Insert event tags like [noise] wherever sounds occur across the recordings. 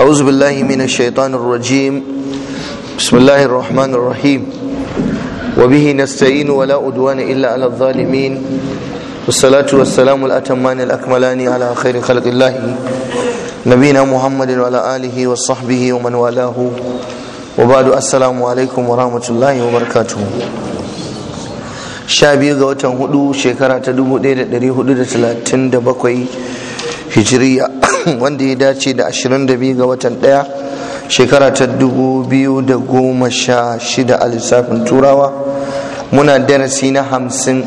أعوذ بالله من الشيطان الرجيم بسم الله الرحمن الرحيم وبه نستعين ولا أدوان إلا على الظالمين والصلاة والسلام الأتمان الأكملان على خير خلق الله نبينا محمد وعلى آله وصحبه ومن والاه وبعد السلام عليكم ورحمة الله وبركاته sha biyu ga watan hudu shekara ta dubu ɗaya da ɗari hudu da talatin da bakwai hijiriya [coughs] wanda ya dace da 22 ga watan daya shekara ta 2016 a lissafin turawa muna darasi na hamsin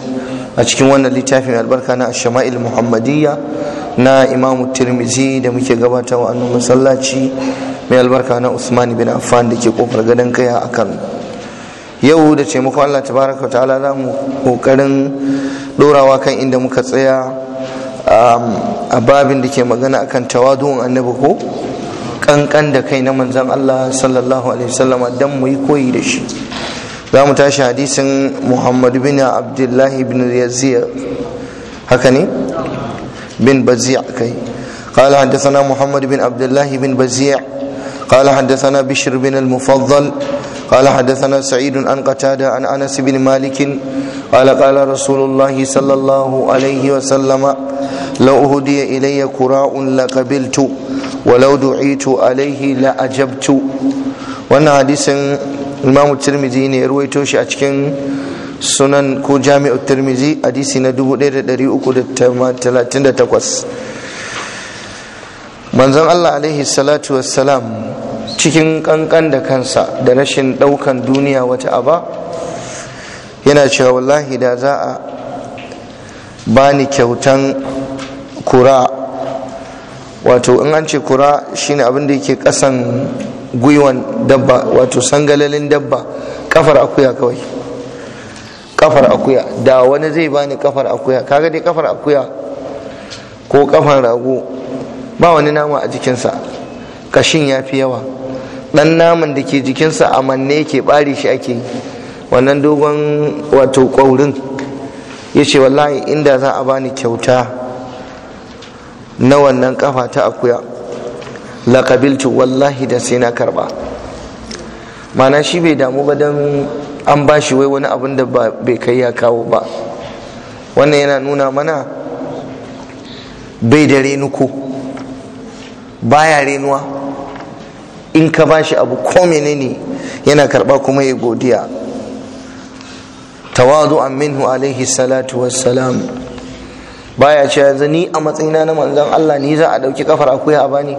a cikin wannan littafin albarka na shama'il muhammadiyya na imamu tirmizi da muke gabata wa annu masallaci mai albarka na usman bin afan da ke kofar gadon kaya a kano yau da taimakon allah baraka ta'ala za mu kokarin dorawa kan inda muka tsaya Um, a babin da ke magana akan tawadun annabi ko kankan da kai na manzan Allah sallallahu alaihi wasallama dan mu yi koyi da shi za mu tashi hadisin Muhammad bin Abdullah bin Yazid haka ne bin Bazi' kai قال حدثنا محمد بن عبد الله بن بزيع قال حدثنا بشر بن المفضل قال حدثنا سعيد عن قتادة عن أنس بن مالك قال قال رسول الله صلى الله عليه وسلم لو أهدي إلي كراء لقبلت ولو دعيت عليه لأجبت وانا حديث إمام الترمذي نرويته شأتكن sunan ko jami'ar tirmizi hadisi na 1338 manzon Allah alaihi salatu wassalam cikin kankan da kansa da rashin daukan duniya wata aba yana cewa wallahi da za a bani kyautan kura wato in an ce kura shine abin da yake kasan gwiwan dabba wato sangalalin dabba kafar akuya kawai kafar akuya da wani zai bani kafar akuya kaga dai kafar akuya ko kafar rago ba wani nama a jikinsa kashin ya fi yawa dan naman da ke jikinsa a manne ke bare shi ake wannan dogon wato ƙwaurin ya ce wallahi inda za a bani kyauta na wannan kafa ta akuya laƙabiltu wallahi da sai na karba mana shi bai damu ba don an ba shi wai wani abin da bai kai ya kawo ba wannan yana nuna mana bai da renuko baya renuwa in ka ba shi abu ko menene yana karba kuma ya godiya tawadu'an minhu alaihi salatu wassalam baya ce yanzu ni a matsayina na manzon Allah ni za a dauki kafar akuya a bani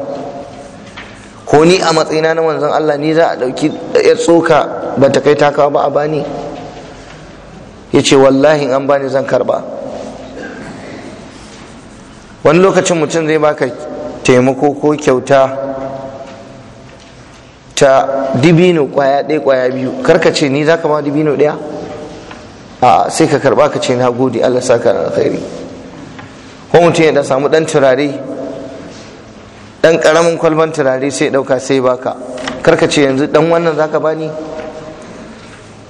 ko ni a matsayina na manzon Allah ni za a dauki ya tsoka ba ta kai takawa ba a bani ce wallahi an bani zan karba wani lokacin mutum zai baka taimako ko kyauta ca dibino kwaya ɗaya kwaya biyu karka ce ni za ka ma dibino ɗaya a sai ka karba ka ce na gode Allah ka na alkhairi ko mutum ya da samu ɗan turare ɗan ƙaramin kwalban turare sai ɗauka sai baka karka ce yanzu ɗan wannan za ka bani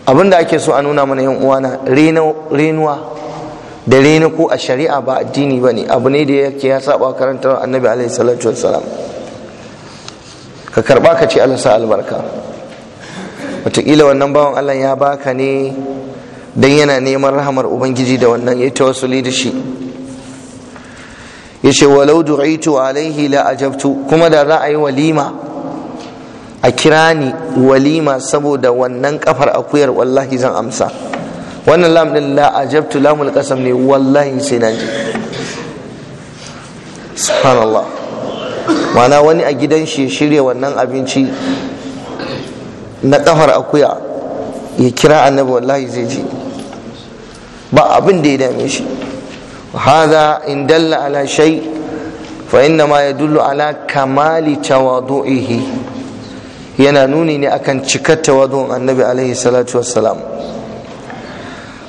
abin da ake so a nuna mana yan uwana renuwa da rena ko a shari'a ba addini ba ne abu ne da yake ya saba karanta annabi alaihi salatu Salam. ka karba ka ce Allah sa albarka wataƙila wannan bawan Allah ya baka ne don yana neman rahamar ubangiji da wannan ya tawassuli da shi ya ce walau alaihi la ajabtu kuma da za a yi walima a kira ni walima saboda wannan kafar akuyar wallahi zan amsa wannan lam din la ajabtu lamul qasam ne wallahi sai na ji subhanallah mana wani a gidan shi shirya wannan abinci na kafar akuya ya kira annabi wallahi zai ji ba abin da ya dame shi hada in dalla ala shay fa inna ma yadullu ala kamali tawadu'ihi yana nuni ne akan cikar tawadu'un annabi alaihi salatu wassalam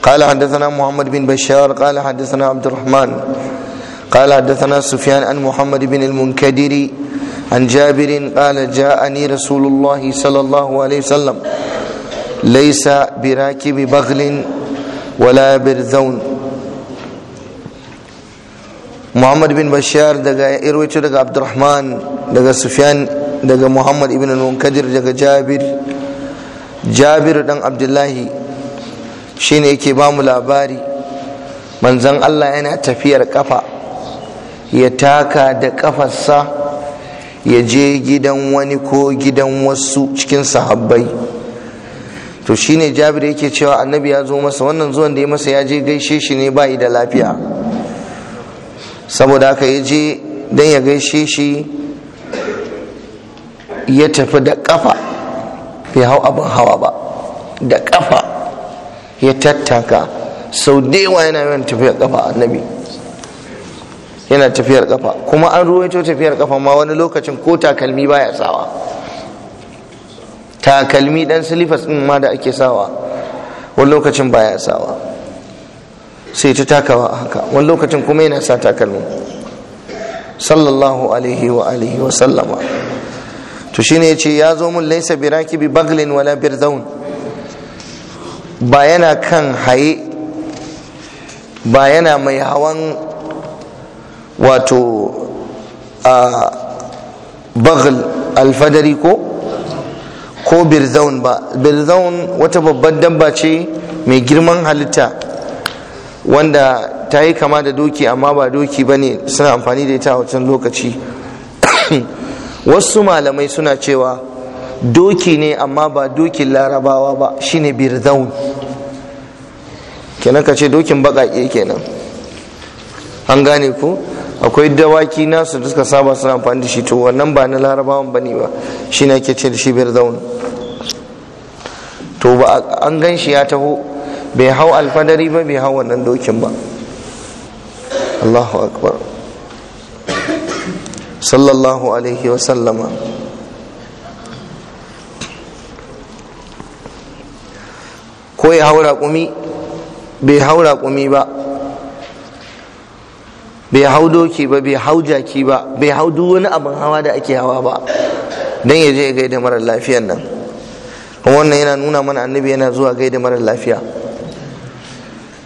قال حدثنا محمد بن بشار قال حدثنا عبد الرحمن قال حدثنا سفيان عن محمد بن المنكدر عن جابر قال جاءني رسول الله صلى الله عليه وسلم ليس براكب بغل ولا برذون محمد بن بشار دغا ارويتو دغا عبد الرحمن دغا سفيان دغا محمد ابن المنكدر دغا جابر جابر دان عبد الله shine yake ba mu labari manzon Allah yana tafiyar kafa ya taka da kafarsa ya je gidan wani ko gidan wasu cikin sahabbai to shine jabir yake cewa annabi ya zo masa wannan zuwan da ya masa ya je gaishe shi ne bayi da lafiya saboda haka ya je don ya gaishe shi ya tafi da kafa bai hau abin hawa ba da kafa ya tattaka sau da yana yawan tafiya kafa annabi yana tafiyar kafa kuma an ruwaito tafiyar kafa ma wani lokacin ko takalmi baya sawa takalmi dan silifas din ma da ake sawa wani lokacin baya sawa sai ta takawa haka wani lokacin kuma yana sa takalmi sallallahu alaihi wa alihi wa sallama to shine yace ya zo mun laisa bi rakibi baglin wala birzaun ba yana kan haye ba yana mai hawan wato a bagl alfadari ko ko birzaun ba birzaun wata babban dabba ce mai girman halitta wanda ta yi kama da doki amma ba doki ba ne suna amfani da ita a wancan lokaci [coughs] wasu malamai suna cewa doki ne amma ba dokin larabawa ba shine birzaun kenan ka ce dokin baƙaƙe kenan an gane ku akwai dawaki nasu da suka saba suna amfani da shi to wannan ba na larabawan ba ne ba shi na ke ce da shi biyar zaun to ba an gan shi ya taho bai hau alfadari ba bai hau wannan dokin ba allahu akbar sallallahu alaihi wa sallama ko ya haura kumi bai haura kumi ba bai hau doki ba bai hau jaki ba bai hau duk wani abin hawa da ake hawa ba don ya je gaida mara lafiyan nan kuma wannan yana nuna mana annabi yana zuwa gaida marar lafiya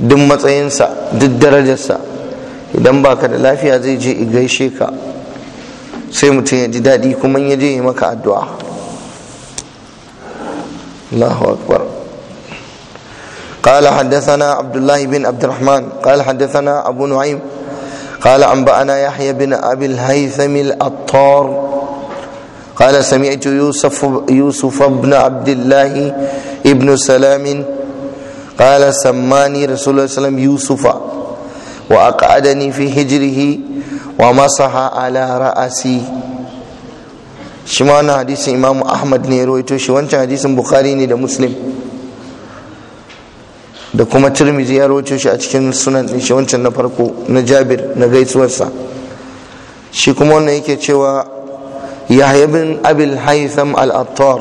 duk matsayinsa duk darajarsa idan baka da lafiya zai je gaishe ka sai mutum ya ji daɗi kuma ya je yi maka addu'a Allahu akbar قال حدثنا عبد الله بن عبد الرحمن قال حدثنا ابو نعيم قال أنبأنا يحيى بن أبي الهيثم الأطار قال سمعت يوسف يوسف بن عبد الله ابن سلام قال سماني رسول الله صلى الله عليه وسلم يوسف وأقعدني في هجره ومسح على رأسي shi ma wannan hadisin imamu ahmad ne ya rawaito shi wancan hadisin bukhari ne da muslim da kuma tirmizi ya rawaito shi a cikin sunan din shi wancan na farko na jabir na gaisuwarsa shi kuma wannan yake cewa ya bin abil haitham al attar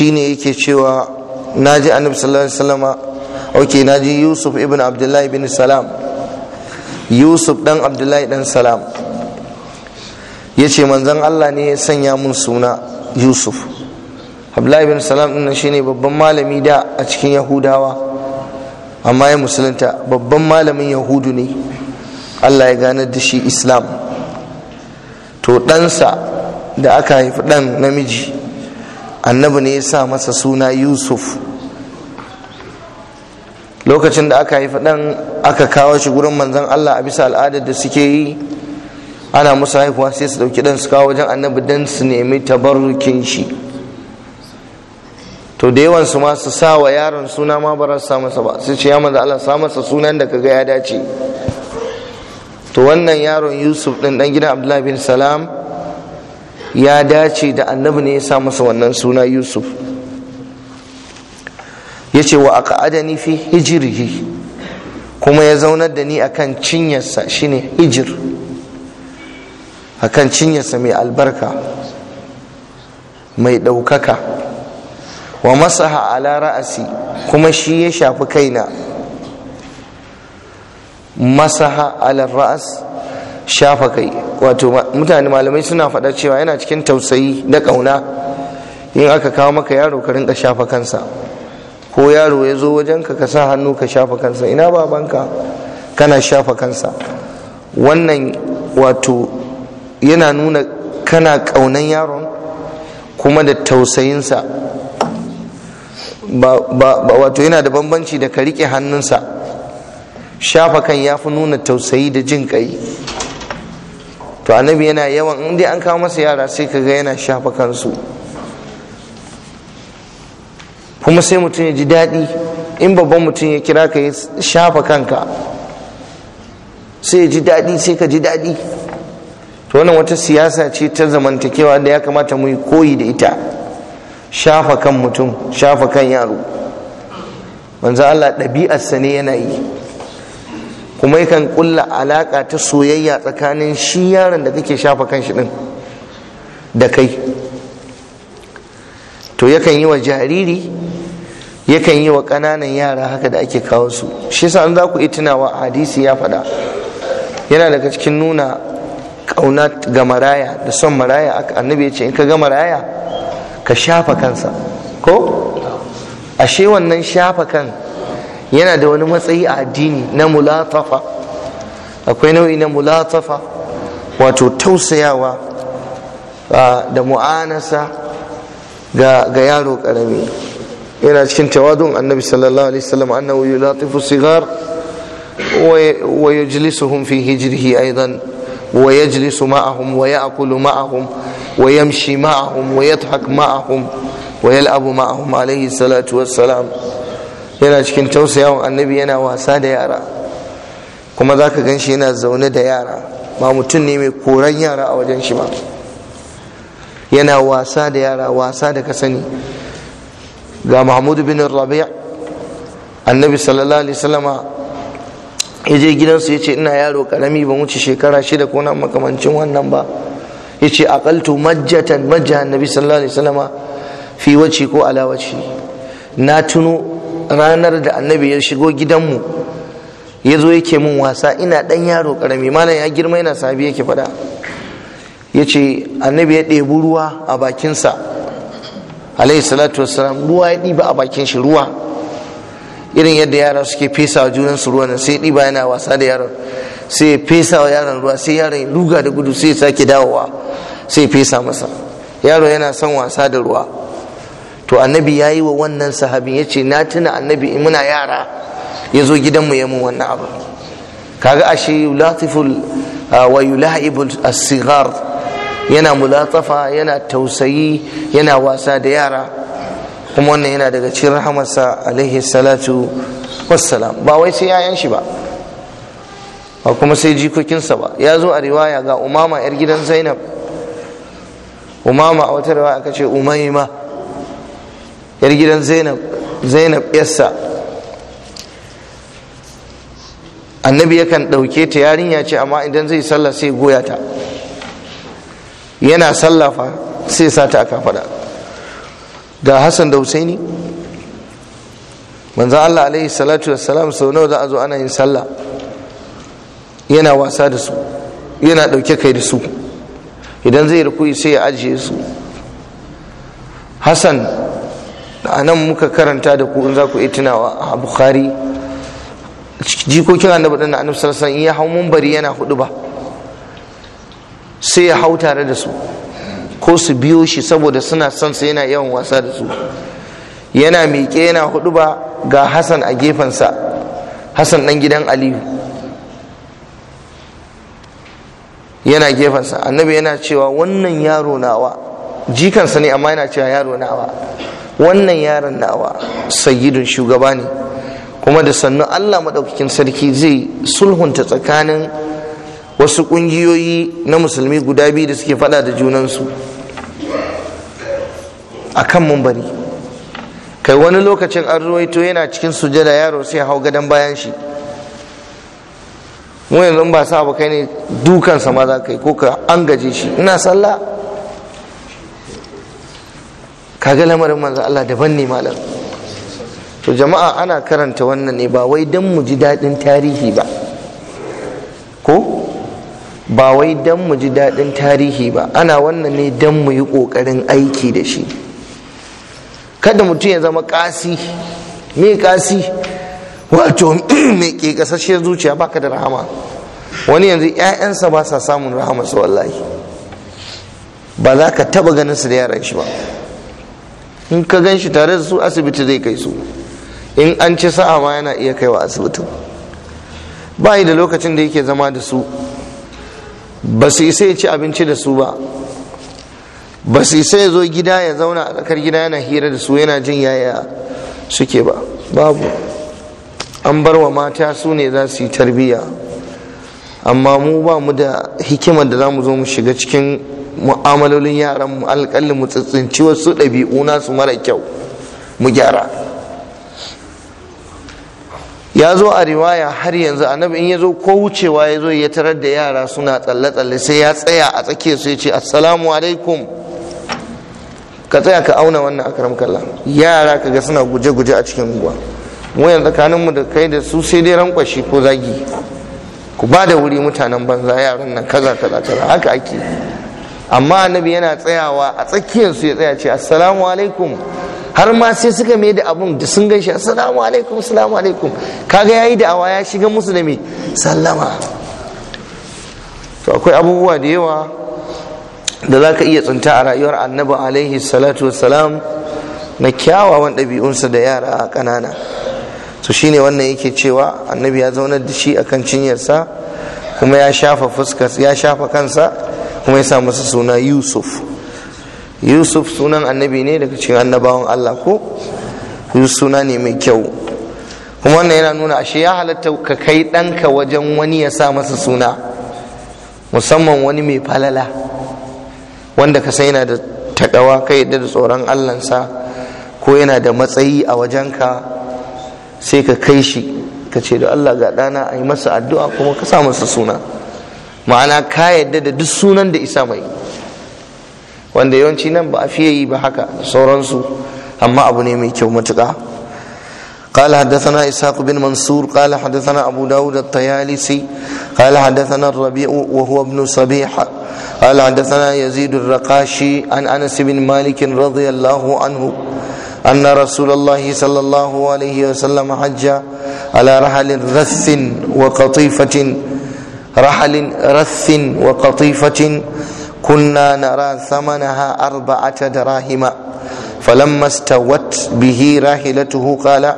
ne yake cewa naji annabi sallallahu alaihi wasallama na ji yusuf ibn abdullahi bin salam yusuf dan abdullahi dan salam ya ce manzan Allah ne ya sanya mun suna yusuf abdullahi bin salam din nan shine babban malami da a cikin yahudawa amma ya musulunta babban malamin yahudu ne allah ya ganar da shi islam to ɗansa da aka haifi ɗan namiji annabi ne ya sa masa suna yusuf lokacin da aka haifi ɗan aka kawo shi gurin manzan allah a bisa al'adar da suke yi ana musu haihuwa sai su ɗauki ɗan su kawo wajen annabi don su nemi tabarrukin shi to da yawan su ma sa wa yaron suna ma ba sa masa ba ce ya maza Allah sa sunan da kaga ya dace to wannan yaron Yusuf din ɗan gidan Abdullah bin Salam ya dace da annabi ne ya sa masa wannan suna Yusuf Ya ce wa aqadani fi hijrihi kuma ya zaunar da ni akan cinyarsa shine hijir akan cinyarsa mai albarka mai ɗaukaka wa masaha ala ra'asi kuma shi ya shafi kaina masaha ala ra'as shafa kai wato mutane malamai suna faɗa cewa yana cikin tausayi da ƙauna in aka kawo maka yaro ka rinka shafa kansa ko yaro ya zo wajenka ka sa hannu ka shafa kansa ina babanka kana shafa kansa wannan wato yana nuna kana ƙaunan yaron kuma da tausayinsa wato yana da bambanci da ka riƙe hannunsa shafa kan ya fi nuna tausayi da jin ƙai to annabi yana yawan in dai an kawo masa yara sai ka ga yana shafa kansu kuma sai mutum ya ji daɗi in babban mutum ya kira ka ya shafa kanka sai ya ji daɗi sai ka ji daɗi to wannan wata siyasa ce ta zamantakewa da ya kamata mu yi koyi da ita shafa kan mutum shafa kan yaro manzo Allah ɗabi'arsa ne yana yi kuma yakan kulla alaƙa ta soyayya tsakanin shi yaron da kake shafa kan shi ɗin da kai to yakan yi wa jariri yakan yi wa ƙananan yara haka da ake kawo su shi yasa an za ku tunawa a hadisi ya faɗa yana daga cikin nuna ƙauna ga maraya da son maraya annabi ya ce in ka ga maraya ka shafa kansa ko ashe wannan shafa kan yana da wani matsayi a addini na mulatafa akwai nau'i na mulatafa wato tausayawa da mu'anasa ga yaro karami yana cikin tawadun annabi sallallahu alaihi wasallam annahu yulatifu sigar wa yajlisuhum fi hijrihi aidan wa yajlisu ma'ahum wa ya'kulu ma'ahum ويمشي معهم ويضحك معهم ويلعب معهم عليه الصلاة والسلام yana cikin tausayawan annabi yana wasa da yara kuma za ka gan shi yana zaune da yara ba mutum ne mai koran yara a wajen shi ba yana wasa da yara wasa da kasani sani ga mahmud bin rabi' annabi sallallahu alaihi wasallama ya je gidansu ya ce ina yaro karami ban wuce shekara shida ko na makamancin wannan ba yace aqaltu majjatan majja annabi sallallahu alaihi wasallama fi wajhi ko ala wajhi na tuno ranar da annabi ya shigo gidanmu ya zo yake min wasa ina dan yaro karami malam ya girma yana sahabi yake faɗa ya ce annabi ya ɗebi ruwa a bakinsa alayhi salatu wassalam ruwa ya ɗiba a bakin shi ruwa irin yadda yara suke fesa wa su ruwan sai ɗiba yana wasa da yaron sai ya fesa wa yaron ruwa sai yaron ya duga da gudu sai ya sake dawowa sai fesa masa yaro yana son wasa da ruwa to annabi ya yi wa wannan sahabin ya ce na tuna annabi in muna yara ya zo gidanmu ya mun wannan abu kaga ashe latiful ah, wa yulahibul asigar yana mulatafa yana tausayi yana wasa da yara kuma wannan yana daga cikin rahamarsa alaihi salatu wassalam ba wai sai 'ya'yan shi ba ba kuma sai jikokinsa ba ya zo a riwaya ga umama 'yar gidan zainab umama a wata rawa aka ce umaima yar gidan zainab zainab yassa annabi yakan ɗauke ta yarinya ce amma idan zai sallah sai goya ta yana sallafa sai sa ta aka faɗa ga hassan da husaini manzan allah alaihi salatu wassalam sau nawa za a zo ana yin sallah yana wasa da su yana ɗauke kai da su idan zai ruku'i sai ya ajiye su hassan a nan muka karanta da ku in za ku iya a bukhari jikokin annabi da annabi sallallahu alaihi in ya hau bari yana hudu ba sai ya hau tare da su ko su biyo shi saboda suna son sa yana yawan wasa da su yana miƙe yana hudu ba ga hassan a gefensa hassan ɗan gidan aliyu yana gefensa annabi yana cewa wannan yaro nawa jikansa ne amma yana cewa yaro nawa wannan yaron nawa sayyidun shugaba ne kuma da sannu allah maɗaukakin sarki zai sulhunta tsakanin wasu ƙungiyoyi na musulmi guda biyu da suke faɗa da junansu a kan mumbari kai wani lokacin an ruwaito yana cikin sujada yaro sai hau gadon bayan shi mu yanzu ba sa ba kai ne dukansa ma za ka yi ko ka an gaje shi ina sallah kaga lamarin manzo Allah daban ne malam to jama'a ana karanta wannan ne ba wai don mu ji daɗin tarihi ba ko ba wai don mu ji daɗin tarihi ba ana wannan ne don mu yi ƙoƙarin aiki da shi kada mutum ya zama ƙasi me ƙasi wato [clears throat] mai ke kasasshen zuciya baka da rahama wani yanzu 'ya'yansa ba sa samun rahama su wallahi ba za ka taba ganin su da yaran shi ba in ka gan shi tare da su asibiti zai kai su in an ci sa'a ma yana iya kaiwa asibitin ba yi da lokacin da yake zama da su ba su isa ya ci abinci da su ba ba su isa ya zo gida ya zauna a tsakar gida yana hira da su yana jin yaya suke ba babu an bar wa mata su ne za su yi tarbiyya amma mu ba mu da hikimar da za mu zo mu shiga cikin mu'amalolin yaran mu alƙalin mu tsitsinci wasu ɗabi'u nasu mara kyau mu gyara ya zo a riwaya har yanzu annabi in ya zo ko wucewa ya zo ya tarar da yara suna tsalle-tsalle sai ya tsaya a tsakiyar su ya ce assalamu alaikum ka tsaya ka auna wannan akram kalla yara ga suna guje-guje a cikin ruwa Wuyan tsakanin tsakaninmu da kai da su sai dai rankwashi ko zagi ku ba da wuri mutanen banza yaran nan kaza kaza kaza haka ake amma annabi yana tsayawa a tsakiyar su ya tsaya ce assalamu alaikum har ma sai suka mai da abun da sun gaishe assalamu alaikum assalamu alaikum kaga yayi awa ya shiga musu da sallama to akwai abubuwa da yawa da za ka iya tsinta a rayuwar annabi alaihi salatu wassalam na kyawawan ɗabi'unsa da yara a ƙanana to shine wannan yake cewa annabi ya zaunar da shi akan cinyarsa kuma ya shafa fuskar ya shafa kansa kuma ya sa masa suna yusuf yusuf sunan annabi ne daga cikin annabawan allah ko suna ne mai kyau kuma wannan yana nuna ashe ya halatta ka kai ɗanka wajen wani ya sa masa suna musamman wani mai falala wanda ka san yana da taƙawa kai da tsoron allansa ko yana da matsayi a wajenka sai ka kai shi ka ce da Allah ga ɗana a yi masa addu'a kuma ka sa masa suna ma'ana ka yadda da duk sunan da isa mai wanda yawanci nan ba a fiye yi ba haka sauransu amma abu ne mai kyau matuƙa قال حدثنا إسحاق بن منصور قال حدثنا أبو داود الطيالسي قال حدثنا الربيع وهو ابن صبيح قال حدثنا يزيد الرقاشي عن أنس بن مالك رضي الله عنه أن رسول الله صلى الله عليه وسلم حج على رحل رث وقطيفة رحل رث وقطيفة كنا نرى ثمنها أربعة دراهم فلما استوت به راحلته قال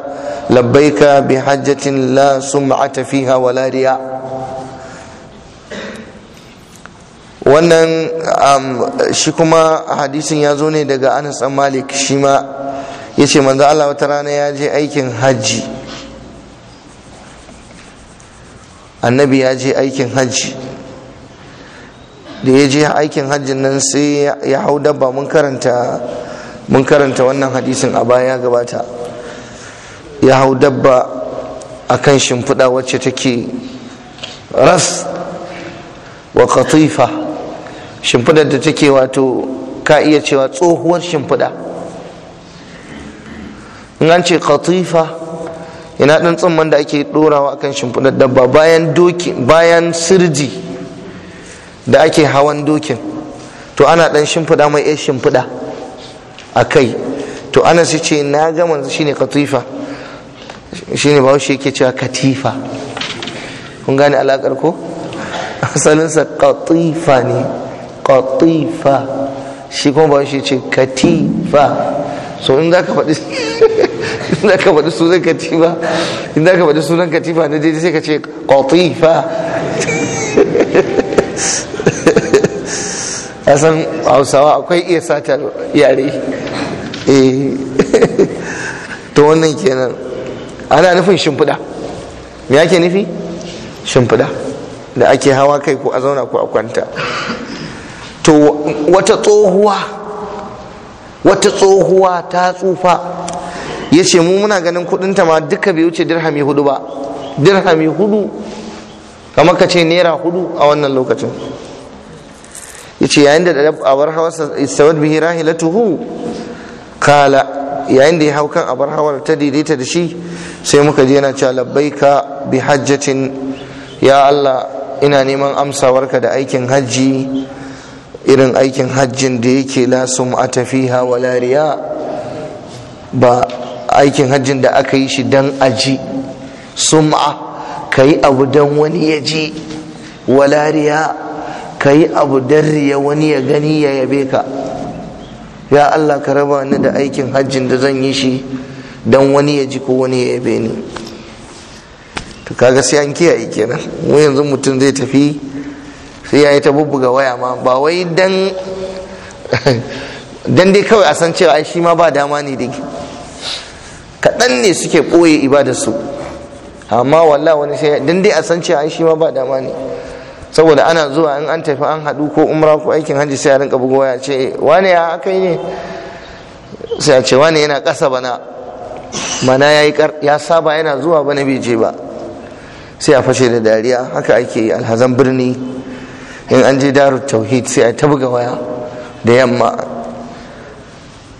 لبيك بحجة لا سمعة فيها ولا رياء wannan shi kuma hadisin ya zo ne daga anas malik shi ma ya ce manzo Allah wata rana ya je aikin hajji annabi ya je aikin hajji da ya je aikin hajjin nan sai ya hau dabba mun karanta wannan hadisin a baya gabata ya hau dabba akan shimfiɗa wacce take ras wa katifa shimfiɗar da take wato ka iya cewa tsohuwar shimfiɗa in an ce katifa ina dan tsamman da ake dorawa akan shimfidar dabba bayan doki bayan sirji da ake hawan dokin to ana dan shimfida mai iya shimfida a kai to ana su ce na ga manzo shine katifa shine ba shi yake cewa katifa kun gane alakar ko asalinsa katifa ne katifa shi kuma ba shi ce katifa so in za ka faɗi [laughs] inda ka faɗi sunan katifa sunan katifa na daidai sai ka ce qatifa [laughs] a san hausawa akwai iya sata yare eh. [laughs] to wannan kenan ana nufin shimfiɗa me ake nufi shimfiɗa da ake hawa kai ko a zauna ko a kwanta to wata tsohuwa wata tsohuwa ta tsufa ya ce mu muna ganin kudinta ma duka bai wuce dirhami hudu ba dirhami hudu kamar ka ce naira hudu a wannan lokacin ya ce yayin da abar istawad bihi rahilatuhu kala yayin da ya hau kan abar hawar ta daidaita da shi sai muka je yana cewa labbaika bi hajjatin ya Allah ina neman amsawarka da aikin hajji irin aikin hajjin da yake la sum'ata fiha wala riya ba aikin hajjin da aka yi shi don aji sum'a ka yi abu don wani ya ji walariya ka yi abu don riya wani ya gani ya yabe ka ya Allah ka raba ni da aikin hajjin da zan yi shi don wani ya ji ko wani ya yabe ni to kaga sai an kiyaye kenan mu yanzu mutum zai tafi sai ya yi ta bubuga waya ma ba wai dan [laughs] dai kawai a san cewa ai shi ma ba dama ne dai kaɗan ne suke ɓoye ibadarsu amma walla wani sai dan dai a san cewa shi ma ba dama ne saboda ana zuwa in an tafi an haɗu ko umra ko aikin hajji sai a rinka bugo ya ce wane ya aka yi ne sai a ce wane yana ƙasa bana mana ya yi ya saba yana zuwa bana bai je ba sai a fashe da dariya haka ake yi alhazan birni in an je darut tauhid sai a ta buga waya da yamma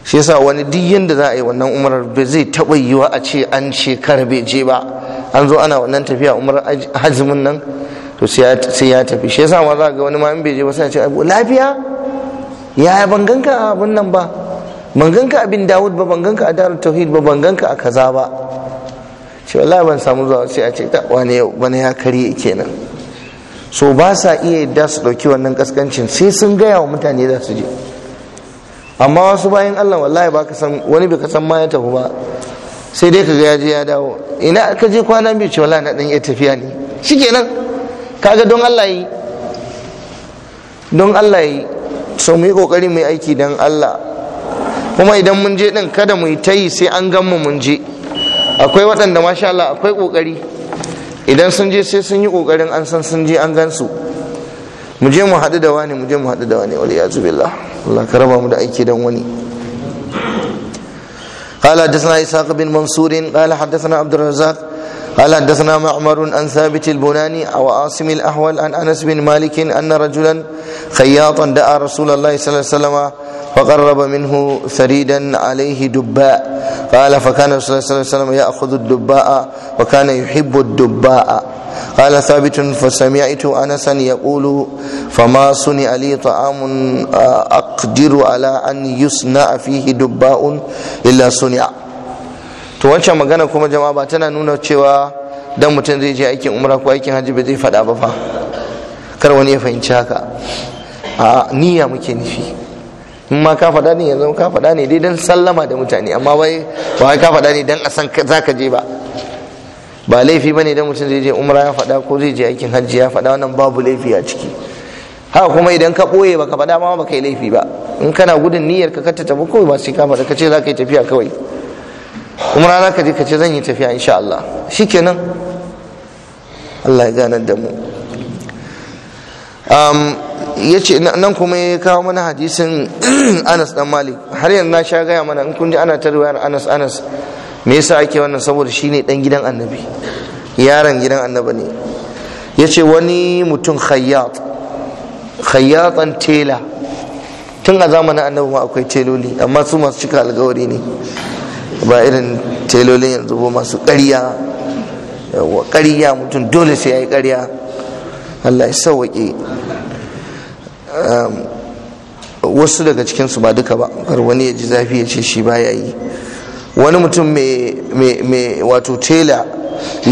shi yasa wani duk da za a yi wannan umarar ba zai taɓa yiwa a ce an shekara bai je ba an zo ana wannan tafiya umarar hajjimin nan to sai ya tafi shi yasa ma za ga wani ma bai je ba sai ce lafiya ya ban ganka a abin nan ba ban ganka abin dawud ba ban ganka a darar tauhid ba ban ganka a kaza ba ce wallahi ban samu zuwa sai a ce ta wani yau bana ya karye kenan so ba sa iya yadda su dauki wannan kaskancin sai sun gaya wa mutane za su je amma wasu bayan Allah wallahi ba ka san wani bai ka san ma ya tafi ba sai dai ka ga ya je ya dawo ina ka je kwana biyu ce wallahi na dan iya tafiya ne shikenan kaga don Allah yi don Allah yi so mu yi kokari mu yi aiki don Allah kuma idan mun je din kada mu yi tayi sai an gan mu mun je akwai waɗanda masha Allah akwai kokari idan sun je sai sun yi kokarin an san sun je an gan su mu je mu haɗu da wani mu je mu haɗu da wani wal billah Allah ka raba mu da aiki dan wani قال حدثنا إسحاق بن منصور قال حدثنا عبد الرزاق قال حدثنا معمر عن ثابت البناني وعاصم الأحول عن أنس بن مالك أن رجلا خياطا دعا رسول الله صلى الله عليه وسلم فقرب منه ثريدا عليه دباء قال فكان رسول الله صلى الله عليه وسلم يأخذ الدباء وكان يحب الدباء قال ثابت فسمعت انسا يقول فما صنع لي طعام اقدر على ان يصنع فيه دباء الا صنع to wancan magana kuma jama'a ba tana nuna cewa dan mutum zai je aikin umra ko aikin hajji ba zai faɗa ba fa kar wani ya fahimci haka a niyya muke nufi in ma ka faɗa ne yanzu ka faɗa ne dai dan sallama da mutane amma wai ba ka faɗa ne dan a san za ka je ba ba laifi bane idan mutum zai je umra ya faɗa ko zai je aikin hajji ya faɗa wannan babu laifi a ciki haka kuma idan ka ɓoye baka faɗa ma baka yi laifi ba in kana gudun niyyar ka katta tafi kawai ba sai ka faɗa ka ce za ka yi tafiya kawai kuma ka je ka ce zan yi tafiya insha Allah shikenan Allah ya ganar da mu ya ce nan kuma ya kawo mana hadisin [clears throat] anas dan malik har yanzu na sha gaya mana in kun ji ana ta anas anas me yasa ake wannan saboda shine dan gidan annabi yaron gidan annabi ne yace wani mutum khayyat khayyatan tela tun a zamanin annabi ma akwai teloli amma su masu cika alkawari ne ba irin telolin yanzu ba masu ƙarya yawa ƙarya mutum dole sai ya yi ƙarya allah ya sauwaƙe wasu daga cikinsu ba duka ba kar wani ya ji zafi ya ce shi ba ya yi wani mutum mai wato tela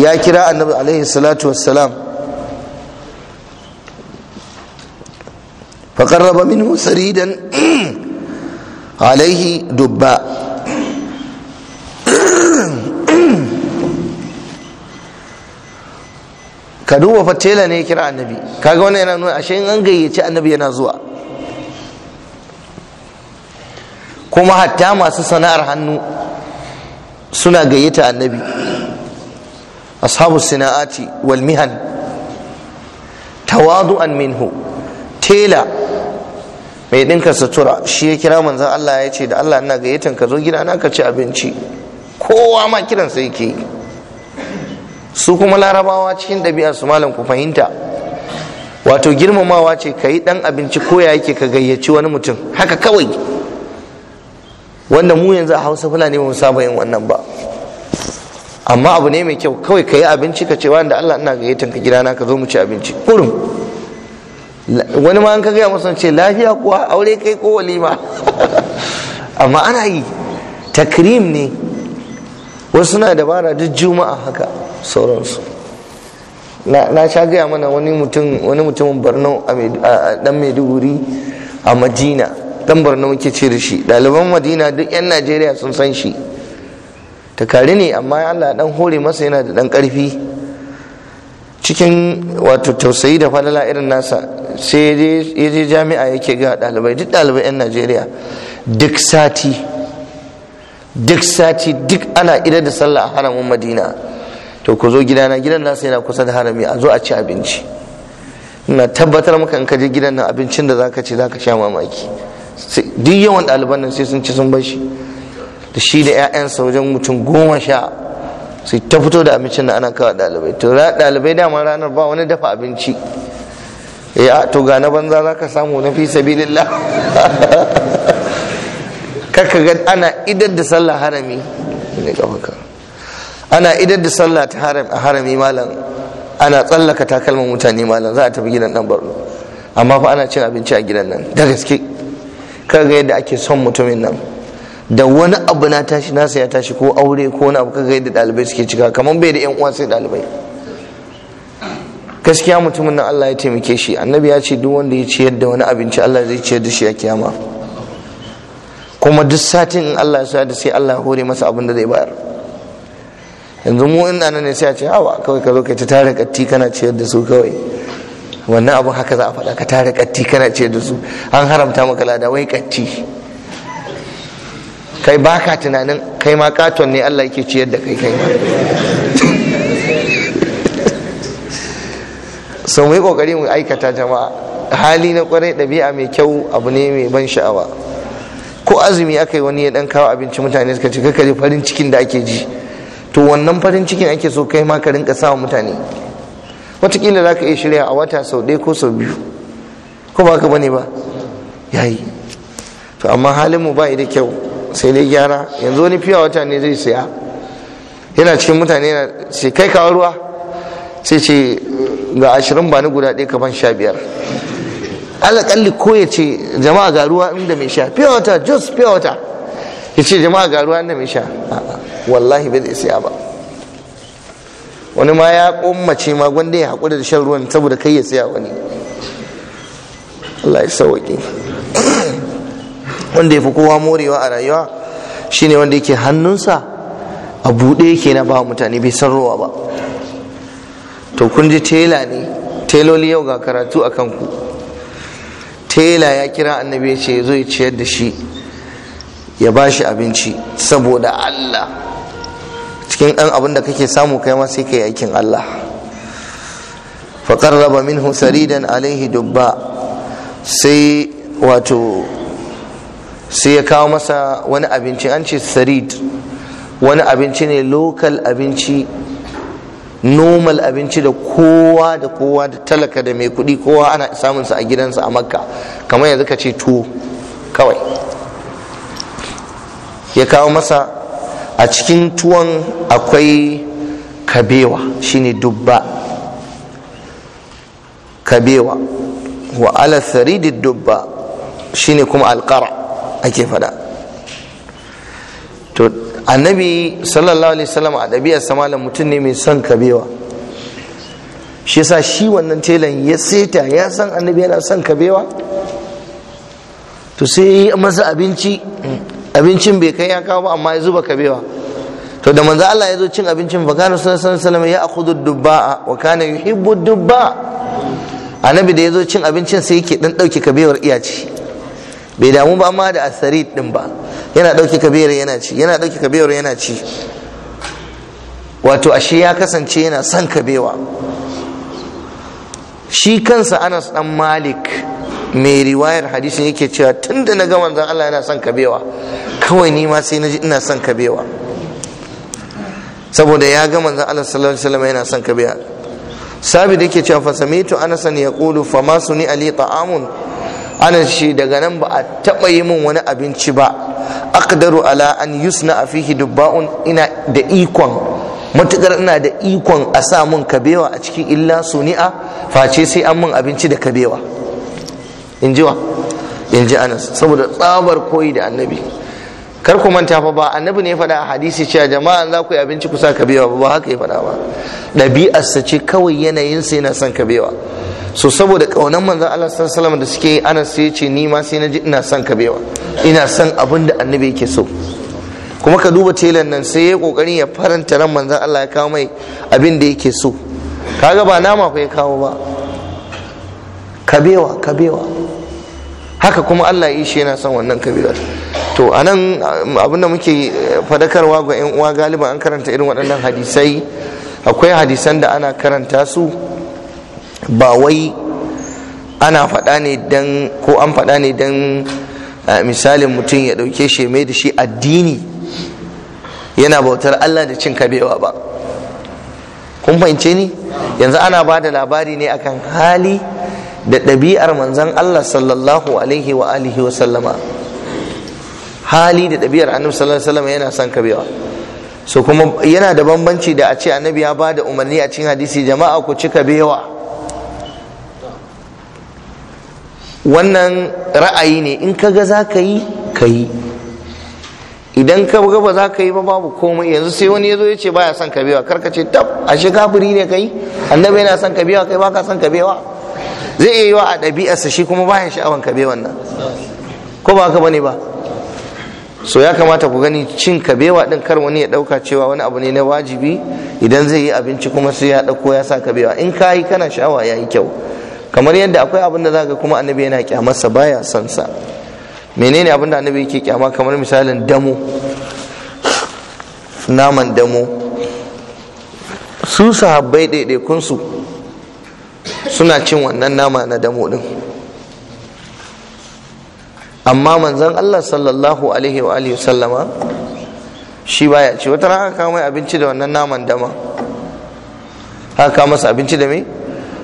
ya kira annabi alaihi salatu wassalam faƙarraba minhu saridan [clears throat] alaihi dubba [clears throat] ka duba fa tela ne ya kira annabi kaga wannan yana nuna ashe in an gayyaci annabi yana zuwa kuma hatta masu sana'ar hannu suna gayyata annabi ashabu sina'ati wal mihan tawadu'an minhu tela mai dinka sutura shi ya kira manzon Allah ya ce da Allah ina gayyatan ka zo gida na ka ci abinci kowa ma kiran sai yake su kuma larabawa cikin ɗabi'a su malam ku fahimta wato girmamawa ce ka yi ɗan abinci ko ya yake ka gayyaci wani mutum haka kawai wanda mu yanzu a hausa fulani ba mu saba yin wannan ba amma abu ne mai kyau kawai ka yi abinci ka ce wanda Allah ina gayyatan ka gidana ka zo mu ci abinci kurum wani ma an ka gaya masa ce lafiya kuwa aure kai ko walima [laughs] amma ana yi takrim ne wasu suna dabara duk juma'a haka sauransu na sha gaya mana wani mutum wani mutumin borno a dan maiduguri a madina dan barna muke ce da shi ɗaliban madina duk 'yan najeriya sun san shi takari ne amma allah dan hore masa yana da dan karfi cikin wato tausayi da falala irin nasa sai ya je jami'a yake ga ɗalibai duk ɗalibai 'yan najeriya duk sati duk sati duk ana idar da sallah a haramin madina to ku zo gidana gidan nasa yana kusa da harami a zo a ci abinci ina tabbatar maka in ka je gidan nan abincin da zaka ci zaka sha mamaki duk yawan ɗaliban nan sai sun ci sun bashi. da shi da 'ya'yansa wajen mutum goma sha sai ta fito da abincin da ana kawo ɗalibai to ɗalibai dama ranar ba wani dafa abinci ya eh, to ga na banza za ka samu na fi sabilillah [laughs] kaka ga ana idar da sallah harami ne kafaka ana idar da sallah ta harami malam ana tsallaka takalman mutane malam za a tafi gidan dan barno amma fa ana cin abinci a gidan nan da gaske kaga yadda ake son mutumin nan da wani abu na tashi nasa ya tashi ko aure ko wani abu kaga yadda ɗalibai suke cika kamar bai da yan uwa sai ɗalibai gaskiya mutumin nan Allah ya taimake shi annabi ya ce duk wanda ya ciyar da wani abinci Allah zai ciyar da shi a kiyama kuma duk satin in Allah ya sa da sai Allah ya hore masa abin da zai bayar yanzu mu ina nan ne sai a ce hawa kawai ka zo kai ta tare katti kana ciyar da su kawai wannan abun haka za a faɗa ka tare katti kana ce da su an haramta maka lada wai katti kai baka tunanin kai ma katon ne Allah yake ciyar da kai kai so mu yi kokari mu aikata jama'a hali na kwarai ɗabi'a mai kyau abu ne mai ban sha'awa ko azumi aka yi wani ya ɗan kawo abinci mutane suka ce kakare farin cikin da ake ji to wannan farin cikin ake so kai ma ka rinka sawa mutane watakila za ka iya shirya a wata sau ɗaya ko sau biyu ko ba ka bane ba yayi to amma halin mu ba da kyau sai dai gyara yanzu wani fiya wata ne zai saya yana cikin mutane yana ce kai kawo ruwa sai ce ga ashirin ba ni guda ɗaya kaman sha biyar alaƙalli ko ya ce jama'a ga ruwa inda mai sha fiya wata jos fiya wata ya ce jama'a ga ruwa inda mai sha wallahi bai zai saya ba wani ma ya kummace ma gwanda ya haƙura da shan ruwan saboda kai ya tsaya wani Allah ya sauƙi wanda ya fi kowa morewa a rayuwa shine wanda yake hannunsa a buɗe yake na ba mutane bai san ruwa ba to kun ji tela ne teloli yau ga karatu a kanku tela ya kira annabi ya ce ya zo ya ciyar da shi ya ba shi abinci saboda Allah cikin ɗan abin da kake samu kai ma sai ka yi aikin Allah Faƙar Raba minhu saridan alaihi dubba sai wato sai ya kawo masa wani abinci an ce sarid wani abinci ne lokal abinci normal abinci da kowa da kowa da talaka da mai kuɗi kowa ana samunsa a gidansa a makka kamar yanzu ka ce tuwo kawai ya kawo masa a cikin tuwon akwai kabewa shine dubba kabewa wa ala da dubba shine kuma alkara ake fada to annabi sallallahu alaihi wasallam a ɗabi'ar samalin mutum ne mai son kabewa shi yasa shi wannan telan ya seta ya san annabi yana son kabewa to sai ya masa abinci abincin bai kai ya kawo ba amma ya zuba kabewa to da manzo Allah ya zo cin abincin ba kana sallallahu alaihi wasallam ya akhudhu dubba'a wa kana yuhibbu dubba annabi da ya zo cin abincin sai yake dan dauke kabewar iyaci bai damu ba amma da asari din ba yana dauke bewar yana ci yana dauke bewar yana ci wato ashe ya kasance yana son kabewa shi kansa Anas dan Malik mai riwayar hadisin yake cewa tunda na ga manzon Allah yana son kabewa kawai ni ma sai naji ina son kabewa saboda ya ga manzon Allah sallallahu alaihi yana son kabewa sabi da yake cewa fa samitu anas ya qulu fa ma suni ali ta'amun anas shi daga nan ba a taba yi min wani abinci ba aqdaru ala an yusna fihi dubba'un ina da ikon matukar ina da ikon a sa mun kabewa a cikin illa suni'a face sai an mun abinci da kabewa in ji wa in ji anas saboda tsabar koyi da annabi kar ku manta fa ba annabi ne ya faɗa a hadisi cewa jama'a za ku yi abinci kusa ka kabewa ba haka ya faɗa ba ɗabi'arsa ce kawai yanayin yanayinsa yana son ka kabewa so saboda kaunan manzon Allah sallallahu alaihi da suke yi Anas sai ce ni ma sai na ji ina son ka kabewa ina son abin da annabi yake so kuma ka duba telan nan sai ya kokari ya faranta ran manzon Allah ya kawo mai abin da yake so kaga ba nama ku ya kawo ba Ka ka kabewa haka kuma Allah ya yi shi yana son wannan ka biya to a nan abinda muke fadakarwa ga 'yan uwa galiba an karanta irin waɗannan hadisai akwai hadisan da ana karanta su ba wai ana faɗa ne don ko an faɗa ne don eh, misalin mutum ya ɗauke shi mai da shi addini yana bautar allah da cin kabewa ba kun fahimce ni yanzu ana ba da labari ne akan hali da ɗabi'ar manzan allah sallallahu alaihi wa alihi wa sallama hali da ɗabi'ar annabi sallallahu alaihi yana son kabewa so kuma yana da bambanci da a ce annabi ya bada umarni a cikin hadisi jama'a ku ci kabewa wannan ra'ayi ne in kaga ga za ka yi ka yi idan ka ga ba za ka yi ba babu komai yanzu sai wani ya zo ya ce baya son kabewa kar ka ce tab ashe kafiri ne kai annabi yana son kabewa kai baka son kabewa zai iya yi wa a ɗabi'arsa shi kuma baya sha'awan kabewan nan ko ba ka bane ba so ya kamata ku gani cin kabewa din kar wani ya dauka cewa wani abu ne na wajibi idan zai yi abinci kuma sai ya dauko ya sa kabewa in ka yi kana sha'awa ya yi kyau kamar yadda akwai abin da zaka kuma annabi yana kyamarsa baya son sa menene abin da annabi yake kyama kamar misalin damo naman damo su sahabbai ɗaiɗaikunsu suna cin wannan nama na damo din amma manzan Allah sallallahu alaihi wa alihi sallama shi baya ce wata rana aka mai abinci da wannan naman dama aka masa abinci da me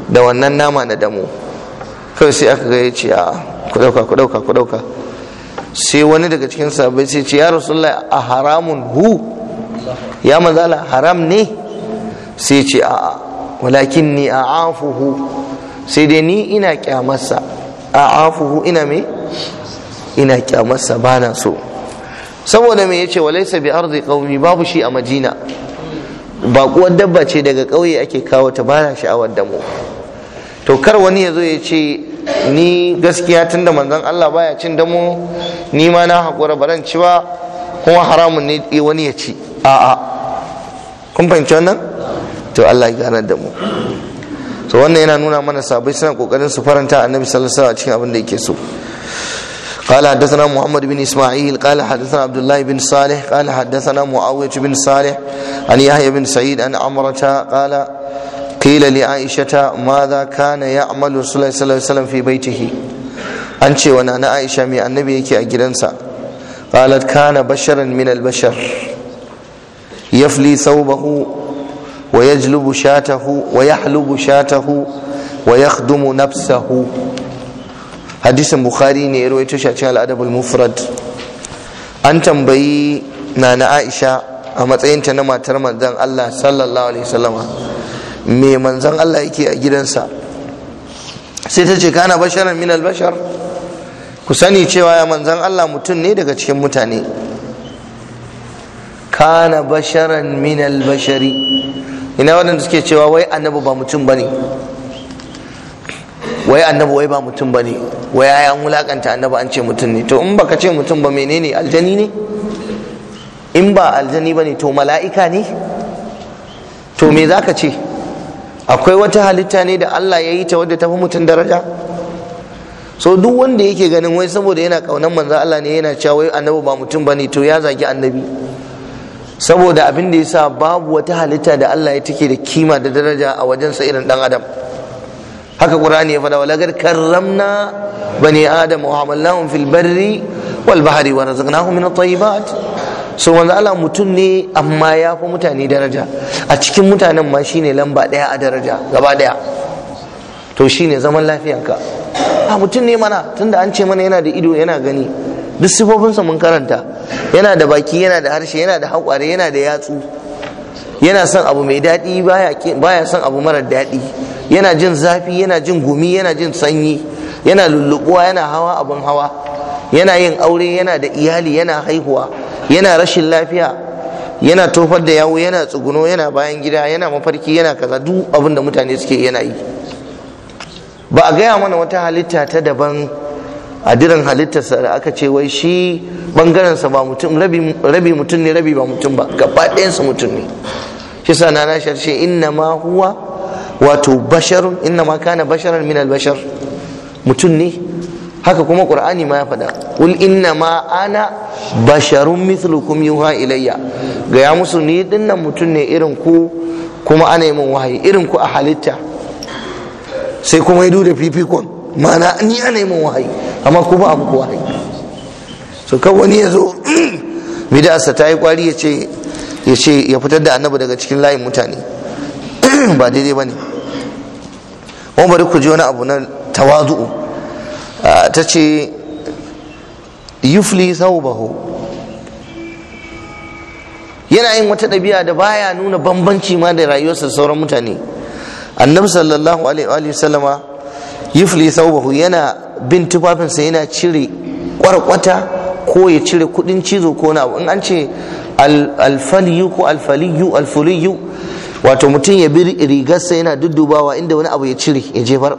da wannan nama na damo kawai sai aka gaya ce a ku dauka ku dauka ku dauka sai wani daga cikin sahabbai sai ce ya rasulullahi a haramun hu ya manzala haram ne sai ce a walakin ni a afuhu sai dai ni ina kyamarsa a afuhu ina me ina kyamarsa ba na so saboda me yace walaisa bi ardi qaumi babu shi a madina kuwar dabba ce daga ƙauye ake kawo ta ba na sha'awar damu to kar wani ya zo ya ce ni gaskiya tunda manzon Allah baya cin damu ni ma na haƙura baran ci ba kuma haramun ne wani ya ci a'a kun fahimci wannan to Allah ya ganar da mu to wannan yana nuna mana sabai suna kokarin su faranta annabi sallallahu alaihi wasallam cikin abin da yake so قال حدثنا محمد بن اسماعيل قال حدثنا عبد الله بن صالح قال حدثنا معاويه بن صالح عن يحيى بن سعيد عن عمره قال قيل لعائشه ماذا كان يعمل رسول الله صلى الله عليه وسلم في بيته an ce wa nana aisha mai annabi yake a gidansa qalat kana basharan min al-bashar yafli thawbahu wa yajlubu shatahu wa yahlubu shatahu wa yakhdumu nafsahu hadisin bukhari ne ya rawaito shi a cikin al'adabul mufrad an tambayi nana aisha a matsayinta na matar manzon allah sallallahu alaihi wasallam me manzon allah yake a gidansa sai ta ce kana basharan min albashar ku sani cewa ya manzon allah mutum ne daga cikin mutane kana basharan min albashari ina waɗanda suke cewa wai annabi ba mutum bane wai annabi wai ba mutum ba ne wai ya wulakanta annabi an ce mutum ne to in baka ce mutum ba menene aljani ne in ba aljani ba ne to mala'ika ne to me za ka ce akwai wata halitta ne da allah ya yi ta wadda ta fi mutum daraja so duk wanda yake ganin wai saboda yana kaunan manzo allah ne yana cewa wai annabi ba mutum ba ne to ya zagi annabi saboda abin da ya sa babu wata halitta da allah ya take da kima da daraja a wajensa irin dan adam haka qur'ani ya fada wa gar karramna bani adam wa hamalnahum fil barri wal bahri wa razaqnahum min at-tayyibat so manzo Allah mutum ne amma ya fi mutane daraja a cikin mutanen ma shine lamba daya a daraja gaba daya to shine zaman lafiyanka a mutum ne mana tunda an ce mana yana da ido yana gani duk sifofinsa mun karanta yana da baki yana da harshe yana da hakware yana da yatsu yana son abu mai daɗi baya son abu marar daɗi yana jin zafi yana jin gumi yana jin sanyi yana lullubuwa yana hawa abin hawa yana yin aure yana da iyali yana haihuwa yana rashin lafiya yana tofar da yawo yana tsuguno yana bayan gida yana mafarki yana kaza duk abin da mutane suke yana yi ba a gaya mana wata halitta ta daban a diran halittarsa da aka ce wai shi bangarensa ba mutum rabi mutum ne rabi ba mutum ba gaba ɗayansa mutum ne Kisa na nashar shi inna ma huwa wato basharun inna ma kana basharan min albashar mutum ne haka kuma qur'ani ma ya faɗa qul inna ma ana basharun mithlukum yuha ilayya ga ya musu ni dinnan mutum ne irin ku kuma ana yi min wahayi irin ku a halitta sai kuma ya da fifikon ma'ana ni ana yi min wahayi amma kuma abu ku wahayi so kan wani ya zo [clears throat] bida'arsa ta yi kwari ya ce ya ce ya fitar da annabi daga cikin layin mutane [clears throat] ba daidai ba ne wani bari ku ji wani abu na tawazu'u ta ce yufli thawbahu yana yin wata ɗabi'a da baya nuna bambanci ma da rayuwarsa sauran mutane annabi sallallahu alaihi wa sallama yufli thawbahu yana bin tufafinsa yana cire kwarkwata ko ya cire kudin cizo ko na in an ce alfaliyu ko alfaliyu alfuliyu wato mutum ya bi rigarsa yana duddubawa inda wani abu ya cire ya jefar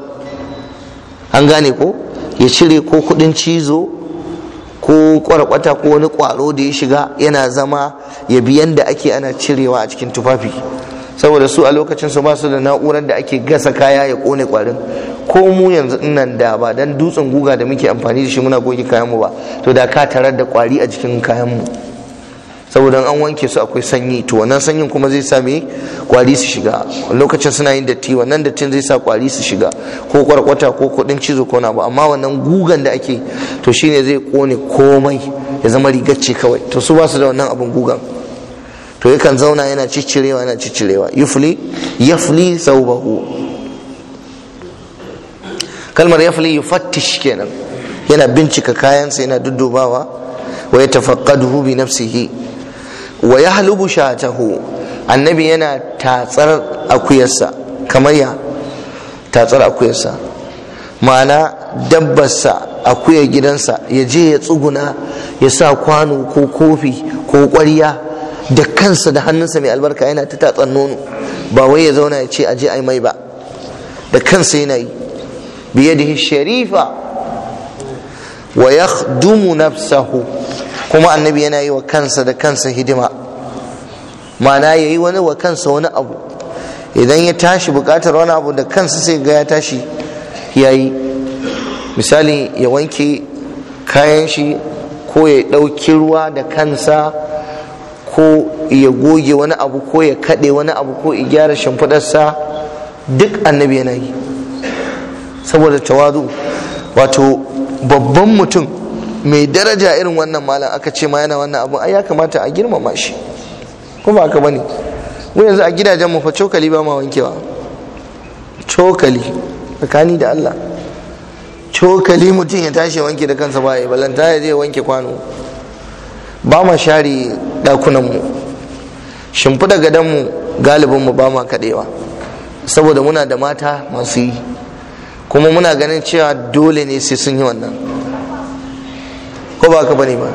an gane ko ya cire ko kudin cizo ko kwarkwata ko wani kwaro da ya shiga yana zama ya bi yanda ake ana cirewa a cikin tufafi saboda su a lokacin su ba su da na'urar da ake gasa kaya ya kone kwarin ko mu yanzu nan da ba dan dutsen guga da muke amfani da shi muna goge kayanmu ba to da ka tarar da kwari a jikin kayanmu saboda an wanke su akwai sanyi to wannan sanyin kuma zai sa me kwari su shiga lokacin suna yin datti wannan dattin zai sa kwari su shiga ko kwarkwata ko kudin cizo ko na ba amma wannan gugan da ake to shine zai kone komai ya zama rigacce kawai to su ba da wannan abin gugan to yakan zauna yana ciccirewa yana ciccirewa yufli yafli saubahu kalmar yafli yufattish kenan yana bincika kayansa yana duddubawa wa yatafaqqaduhu bi nafsihi wa ya halubu shatahu annabi yana tatsar akuyarsa kamar ya tatsar akuyarsa ma'ana dabbarsa akuyar gidansa ya je ya tsuguna ya sa kwano ko kofi ko ƙwarya da kansa da hannunsa mai albarka yana ta tatsar nono ba wai ya zauna ya ce aje ai mai ba da kansa yana yi biyadihi sharifa wa yakhdumu nafsahu kuma annabi yana yi wa kansa da kansa hidima ma'ana ya yi wani wa kansa wani abu idan ya tashi bukatar wani abu da kansa sai ga ya tashi ya yi misali ya wanke kayan shi ko ya ɗauki ruwa da kansa ko ya goge wani abu ko ya kaɗe wani abu ko ya gyara shimfiɗarsa duk annabi yana yi saboda tawadu wato babban mutum mai daraja irin wannan malam aka ce ma yana wannan abu ai ya kamata a girmama shi kuma ka bane mu yanzu a gidajen mu fa cokali ba ma wankewa cokali tsakani da Allah cokali mutum ya tashi wanke da kansa ba ya balanta ya je wanke kwano ba ma share dakunan mu shimfiɗa gadon mu galibin mu ba ma kadewa saboda muna da mata masu yi kuma muna ganin cewa dole ne sai sun yi wannan ko ba ka bane ba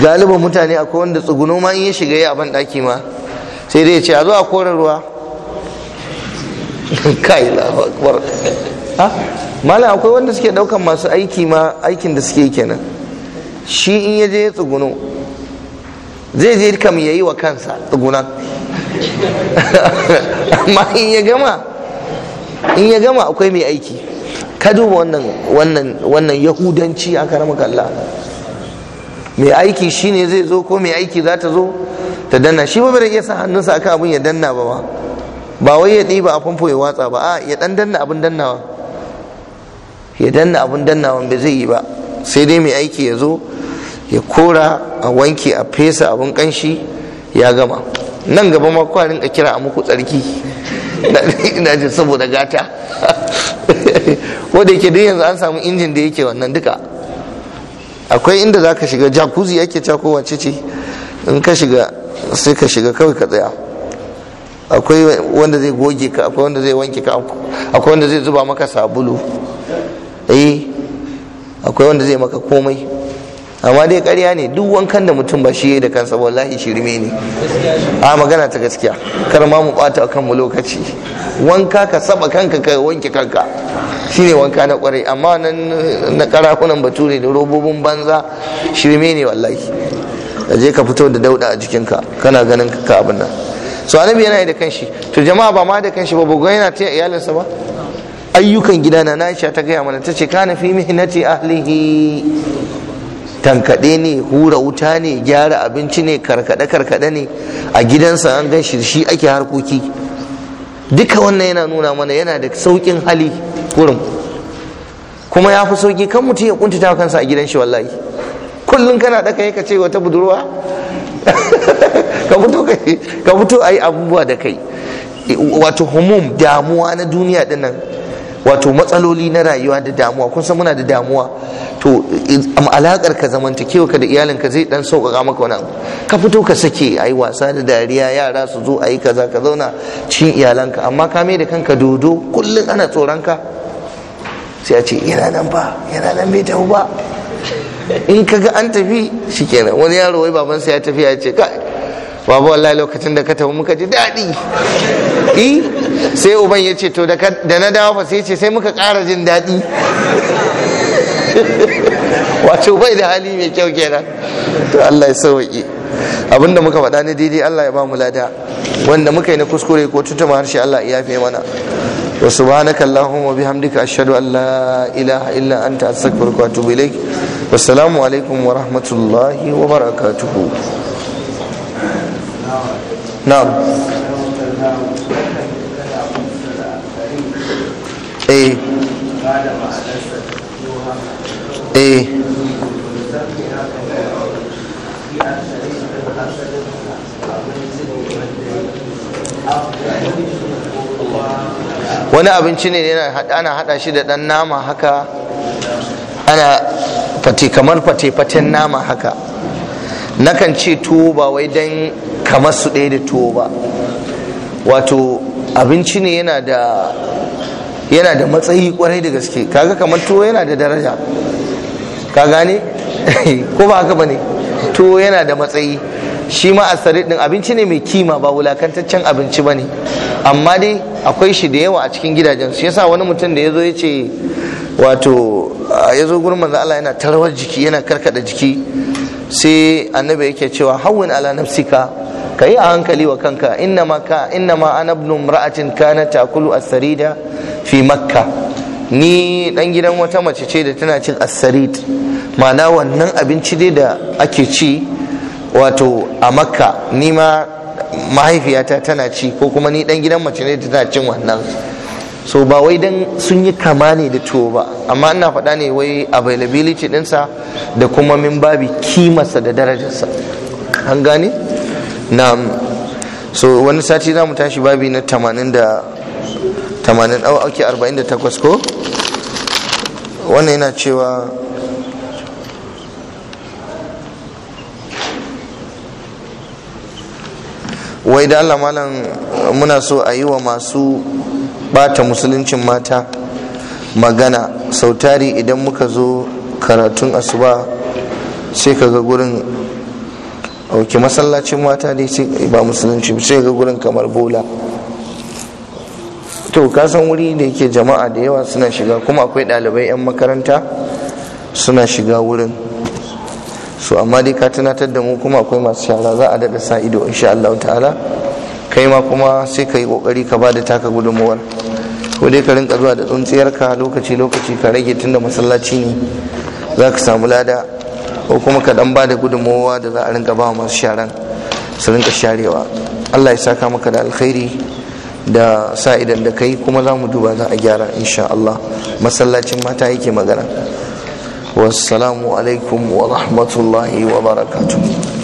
galibin mutane akwai wanda tsuguno ma in ya shiga ya ban daki ma sai dai ya ce a zo a kore ruwa [laughs] kai Allahu akbar malam akwai wanda suke daukan masu aiki ma aikin da suke kenan shi in ya je ya tsuguno zai je kam ya yi wa kansa tsugunan [laughs] amma in ya gama in ya gama akwai mai aiki ka duba wannan yahudanci aka rama kalla mai aiki shine zai zo ko mai aiki za ta zo ta danna shi ba bai iya sa hannunsa akan abin ya danna ba ba wai ya ɗiba a famfo ya watsa ba a ya dan danna abin dannawa ya danna abin dannawa bai zai yi ba sai dai mai aiki ya zo ya kora a wanke a fesa abin kanshi ya gama nan gaba ma kwarin a kira a muku tsarki [laughs] ina jin saboda gata wanda [laughs] yake duk yanzu an samu injin da yake wannan duka akwai inda za ka shiga jakuzi ake cako wace ce in ka shiga sai ka shiga kawai ka tsaya akwai wanda zai goge ka akwai wanda zai wanke ka akwai wanda zai zuba maka sabulu eh akwai wanda zai maka komai amma dai ƙarya ne duk wankan da mutum ba shi yi da kansa wallahi shirme ne a magana ta gaskiya kar ma mu ɓata kan mu lokaci wanka ka saba kanka ka wanke kanka shine wanka na kwarai amma nan na karafunan bature da robobin banza shirme ne wallahi da je ka fito da dauda a jikinka kana ganin ka abin nan so annabi yana da kanshi to jama'a ba ma da kanshi ba bugo yana ta iyalinsa ba ayyukan gidana na Aisha ta gaya mana tace kana fi mihnati ahlihi tankaɗe ne hura wuta ne gyara abinci ne karkaɗe-karkaɗe ne a gidansa an gan shi ake harkoki duka wannan yana nuna mana yana da sauƙin hali wurin kuma ya fi sauƙi kan mutum ya kuntata kansa a gidan shi wallahi kullum kana ɗaka ka ce wata budurwa [laughs] ka fito a yi abubuwa da kai wato homom damuwa na duniya dinnan wato matsaloli na rayuwa da damuwa kun san muna da damuwa to alakar ka zamantakewa ka da iyalinka zai dan sauƙaƙa maka wani ka fito ka sake ayi wasa da dariya yara su zo ayi kaza ka zauna cikin iyalanka amma ka mai da kanka dodo kullum ana tsoron ka sai a ce yana nan ba yana nan bai tafi ba in ka ga an tafi shikenan wani yaro wai babansa ya tafi ya ce kai babu wallahi lokacin da ka tafi muka ji daɗi [laughs] eh? sai uban ya ce to da na dawo fa sai ce sai muka ƙara jin daɗi [laughs] wato bai da hali mai kyau kenan to Allah ya sauki abinda muka faɗa ne daidai Allah ya ba mu lada wanda muka yi na kuskure ko tutuma harshe Allah ya yafe mana wa subhanaka allahumma bihamdika ashhadu an la ilaha illa anta astaghfiruka wa atubu ilaik wassalamu alaikum wa rahmatullahi wa barakatuhu na'am Eh. Eh. wani abinci ne ana hada shi da dan nama haka ana fate kamar fate-faten nama haka nakan ce tuwo ba wai dan kamar su ɗaya da tuwo ba wato abinci ne yana da yana da matsayi kwarai da gaske kaga kamar tuwo yana da daraja ka gane [laughs] ko ba haka bane tuwo yana da matsayi shi ma asari ɗin. abinci ne mai kima ba wulakantaccen abinci ba ne. amma dai akwai shi da yawa a cikin gidajen su yasa wani mutum da yazo yace wato yazo gurin manzo Allah yana tarwar jiki yana karkada jiki sai annabi yake cewa hawwin ala nafsika ka yi a hankali wa kanka innama ka innama ana ibn imra'atin kana takulu as-sarida fi makka ni dan gidan wata mace ce da tana cin asarit ma'ana wannan abinci dai da ake ci wato a makka ni ma mahaifiyata tana ci ko kuma ni dan gidan mace ne da tana cin wannan so ba wai dan sun yi kama ne da tuwo ba amma ina faɗa ne wai availability ɗinsa da kuma min babi kimarsa da darajarsa an gane na so wani sati za mu tashi babi na 80 da 80 au auki 48 ko wannan yana cewa wai da Allah malam muna so a yi wa masu bata musuluncin mata magana sautari idan muka zo karatun asuba sai ka ga gurin auki masallacin mata ne ba musulunci sai ga gurin kamar bola to kasan wuri da yake jama'a da yawa suna shiga kuma akwai ɗalibai 'yan makaranta suna shiga wurin su amma dai ka tunatar da mu kuma akwai masu shara za a daɗa sa ido insha Allah ta'ala kai ma kuma sai ka yi ƙoƙari ka ba da taka gudunmuwar ko dai ka rinka zuwa da ka lokaci lokaci ka rage tunda masallaci ne za ka samu lada ko kuma ka ɗan ba da gudunmuwa da za a rinka ba masu sharan su rinka sharewa Allah ya saka maka da alkhairi da sa idan da kai kuma za mu duba za a gyara insha Allah masallacin mata yake magana wassalamu alaikum wa rahmatullahi wa barakatuh